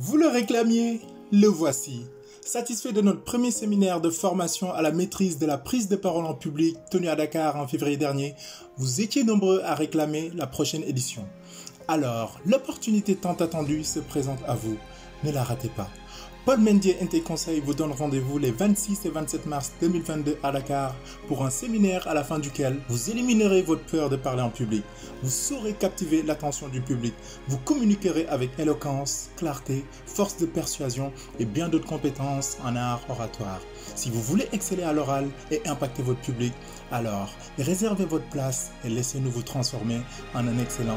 Vous le réclamiez Le voici. Satisfait de notre premier séminaire de formation à la maîtrise de la prise de parole en public tenu à Dakar en février dernier, vous étiez nombreux à réclamer la prochaine édition. Alors, l'opportunité tant attendue se présente à vous. Ne la ratez pas. Paul Mendier NT Conseil vous donne rendez-vous les 26 et 27 mars 2022 à Dakar pour un séminaire à la fin duquel vous éliminerez votre peur de parler en public. Vous saurez captiver l'attention du public. et bien d'autres compétences en art oratoire. Si vous voulez exceller et impacter votre public, alors réservez votre place et laissez-nous vous transformer en un excellent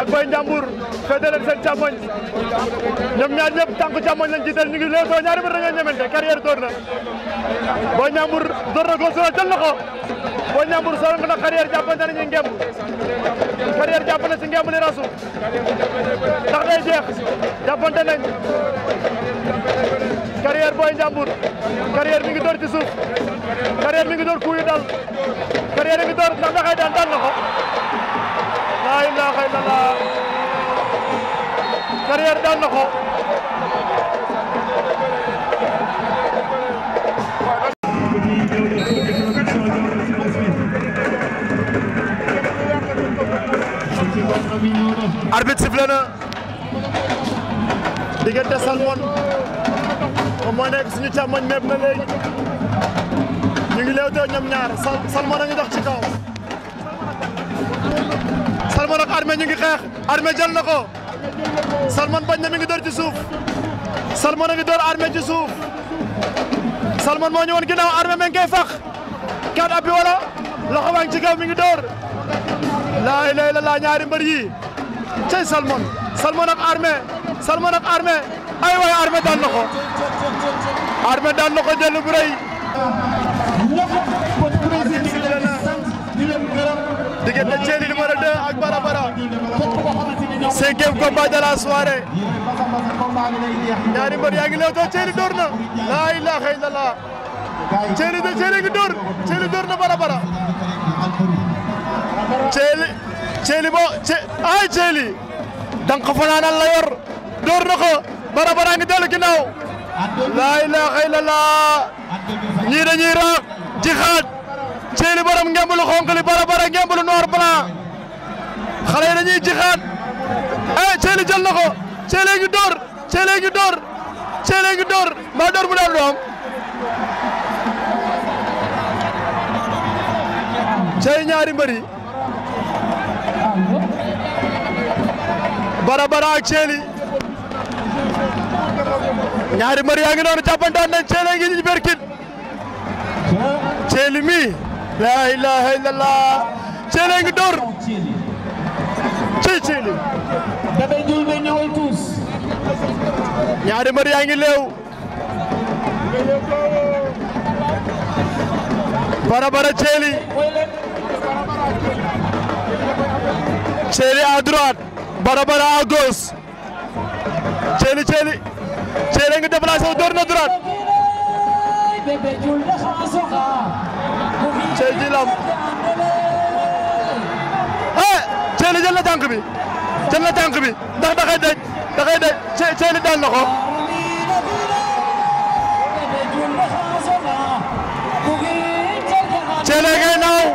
ak Boy Ndiambour féete leen seen càmmoñ ñoom ñaar ñëpp tànku càmmoñ lañ jiital ñu ngi léegi boo ñaari mbir dañoo ñemente carrière door na Boy Ndiambour door na góor jël na ko Boy Ndiambour soo ko nag carrière jàpp na ñu ngemb carrière jàpp na si ngemb li rasu ndax day jeex jàppante nañ carrière ngi door ci suuf carrière mi ngi door kuuyu dal carrière mi ngi door ndax da ngay dal na laa ilaaha illallaah carrière daan na ko arbitre sifflé na diggante Salmon moom moo nekk suñu càmmoñ meeb na léegi ñu ngi léewtoo ñoom ñaar Salmon a ngi dox ci kaw Salmon ak Armé ñu ngi xeex Armé jël na ko Salmon bañ na mi ngi dóor ci suuf Salmon a ngi dóor Armé ci Salmon moo ñëwoon ginnaaw Armé mi ngi koy fax kat loxo baa ngi ci kaw mi ngi laay lay la ñaari mbër yi cey Salmon Salmon ak Armé Salmon ak ay waay Armé daan na ko Armé daan na ko jël bu rëy diggante Barabara cinquième combat de la soirée ñaari mbër yaa ngi leewtoo Thierry door na laa ilaaha illallah Thierry de Thierry ngi door Thierry door na Barabara Thierry Thierry bo ay Thierry dang ko fanaanal la yor door na ko Barabara ngi dellu ginnaaw laa ilaaha illallah ñii dañuy raak jixaat Thierry borom ngemb lu xonk li Barabara ngemb lu noir blanc xale yi i jixaat eh Thielly jël na ko Thielly ngi door Thielly ngi door Thielly door maa door bu daanu ñaari mbër Barabara ak Thielly ñaari mbër yaa ngi noonu jàppantaan nañ Thielly ngi ñu berkit Thielly mi la ilaha illallah Thielly ngi door Céeli Dabe Njuul be ñëwal tuus ñaari mbër yaa ngi leew Barabara Céeli Céeli à Barabara à gauche Céeli Céeli nga déplacé wu door na droite Seyni jël na tànk bi jël na tànk bi ndax da koy daj da koy daj Seyni daan na ko. Seyni ngay naaw.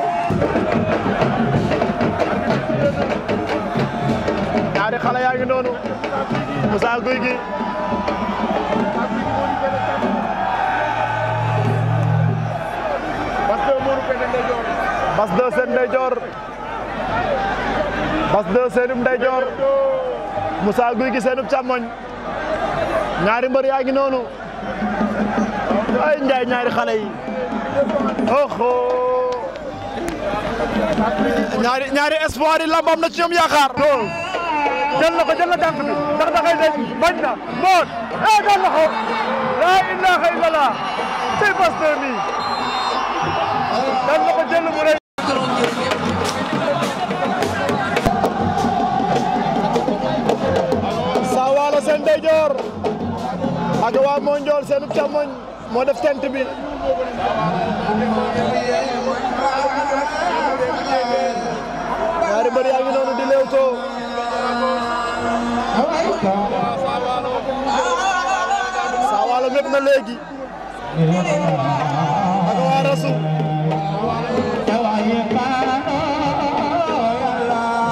ñaari xale yaa ngi noonu Moussa Gueye gi. Bass 2 seen ndeyjoor. Xas de seenub ndeyjoor Moussa Guy seenub càmmoñ ñaari mbër yaa ngi noonu ay ñaari xale yi ñaari ñaari espoir yi lambam na ci ñoom yaakaar jël na ko jël na tànk bi ndax dafay na moon ee eh, dal na la ilaha illallah ci Pasteur mi dal na ko mu rëy ndeyjoor ak waa moo njool seenub càmmoñ moo def tent bi ñaari mbër yaa ngi noonu di leewtoo saa waalo mépp na léegi ak waa rasu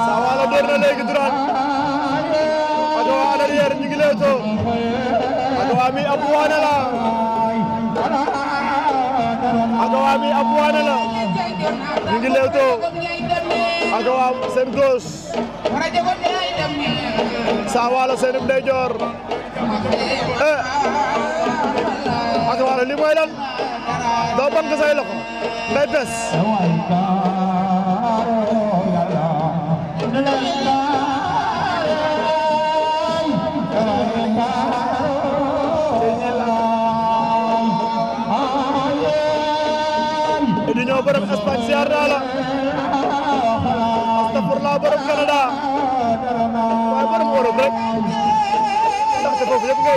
saa waalo door na léegi duraan leeto aga waami abu wane la aga waami abu wane la ñu ngi leeto aga waam seen gauche saa waalo seen ndeyjoor eh aga waalo li mooy lan doo ban ko say loxo ngay bes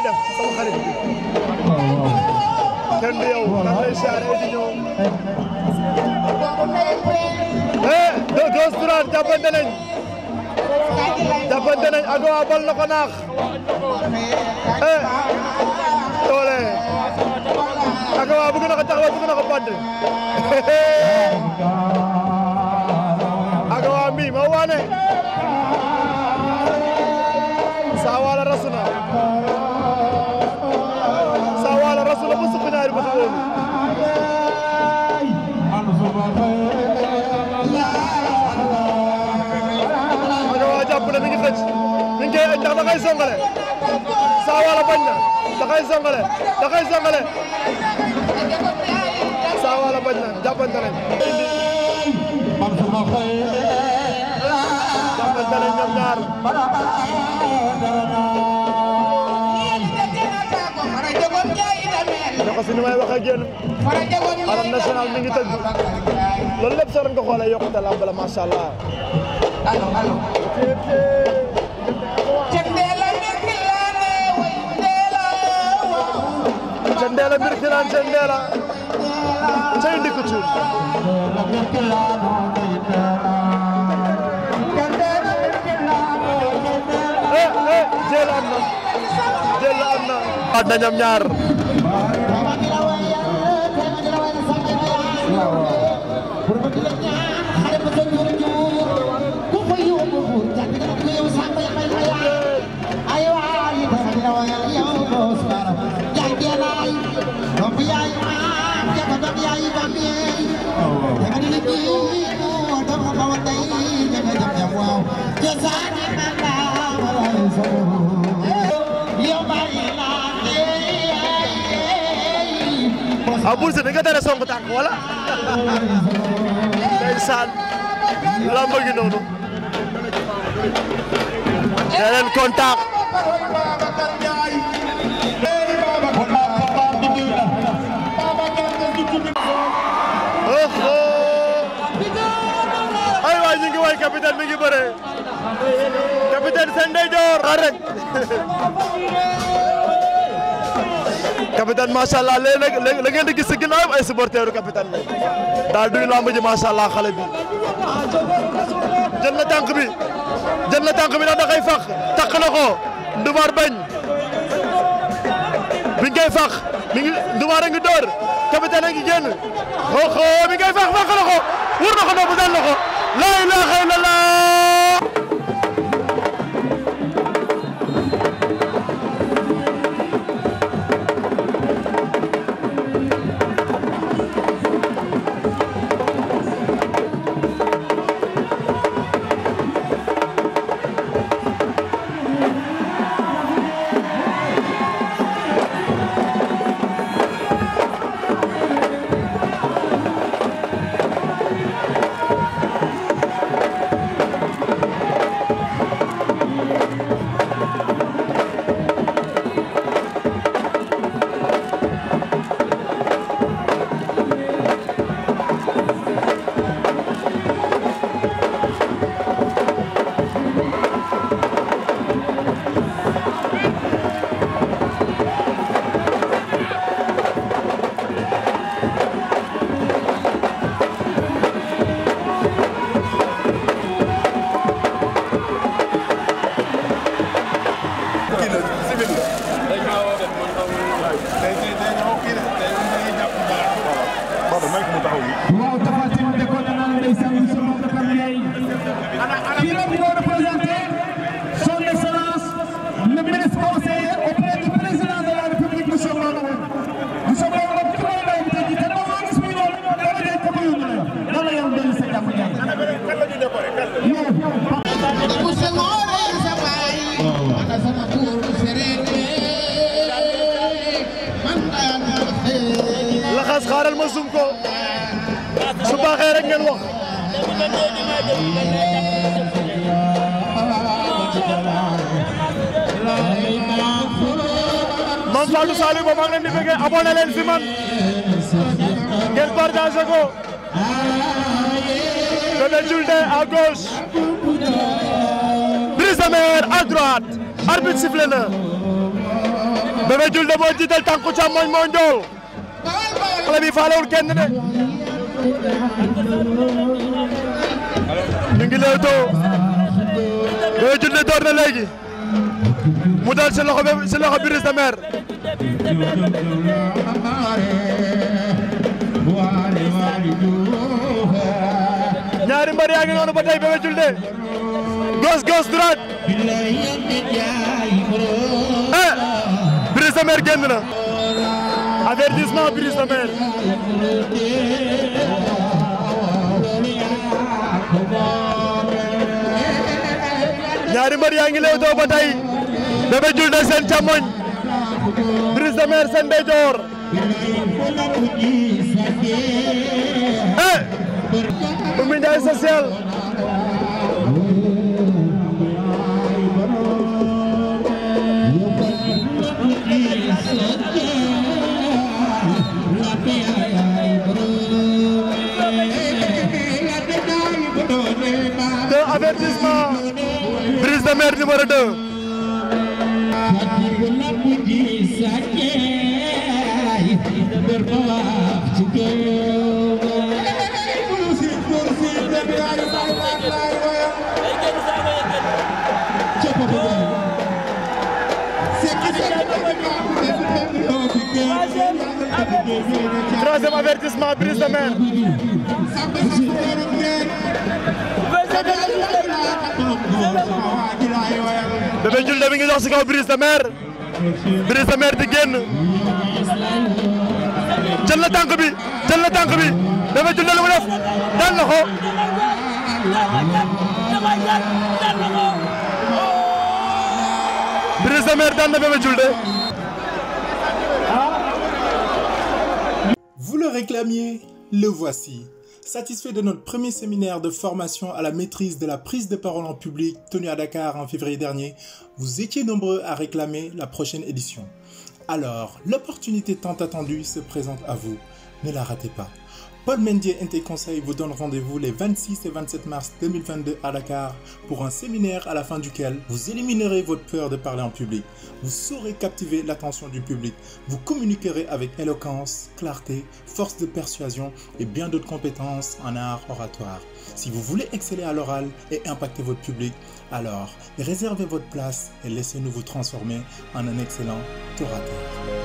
def sama xarit bi kenn du yow man lay siyaare di ñëw eh de Gauss Diourane jàppante nañ jàppante nañ Ago abal na ko naax eh doole Ago bëgg na ko taxawal bëgg na ko pàdd da koy songale saa waala bañ na da koy songale da koy songale saa waala bañ na jàppante nañ. jàppante nañ ñoom ñaar. parce que ni may wax ak yéen arène nationale mi ngi tëgg loolu lépp soo doon ko xoolee yokkute làmb la macha allah. ndeela mbir xiraan seen ndeela cay ndikk cuun eh eh jël am na jël am na ñoom ñaar waaw ah, Boursin da nga tere song tànk wala. ndeysaan lamb gi noonu. da leen contact. capitaine mi ngi bëre capitaine seen ndeyjoor xaar rek capitaine macha allah léeg-léeg la gis si ginnaawam ay supporteru capitaine la daal duy lamb ji macha allah xale bi na bi jël na bi na ko Ndumar bañ biñ koy fax mi ngi Ndumar a ngi door capitaine a ngi génn xoo mi ngi koy fax fax na ko wër na ko noonu la ilaha illallah sum ko ngeen wax man Fallou Saliou ba maa ngi leen leen si ngeen partagé ko Bébé Diouldé à gauche Brise Mer à droite arbitre sifflé na Bébé Diouldé moo jiital tànku càmmoñ moo njool xale bi faalewul kenn de ñu ngi lay too Boy Djindé door na léegi mu dal si loxo bi si loxo Brise de Mer ñaari mbër yaa ngi noonu ba tey Bébé Djindé gauche gauche droite eh Brise de Mer génn na avertissement Brise de Mer ñaari mbër yaa ngi lewtoo ba tey Bébé Diouldé seen càmmoñ Brise de Mer seen ndeyjoor eh Oumy Ndiaye social de mer numéro 2. troisième avertissement Brise de Mer. Bébé Diouldé mi ngi dox ci kaw Brise de Mer Brise de Mer di na tànk bi jël na tànk bi Bébé Diouldé lu mu def daan na ko Brise de Mer daan na Bébé Diouldé Satisfait de notre premier séminaire de formation à la maîtrise de la prise de parole en public tenu à Dakar en février dernier, vous étiez nombreux à réclamer la prochaine édition. Alors, l'opportunité tant attendue se présente à vous. Ne la ratez pas. Paul Mendier Inté Conseil vous donne rendez-vous les 26 et 27 mars 2022 à Dakar pour un séminaire à la fin duquel vous éliminerez votre peur de parler en public. Vous saurez captiver l'attention du public. Vous communiquerez avec éloquence, clarté, force de persuasion en art oratoire. Si vous et impacter votre public, alors réservez votre place et laissez-nous vous transformer en un excellent orateur.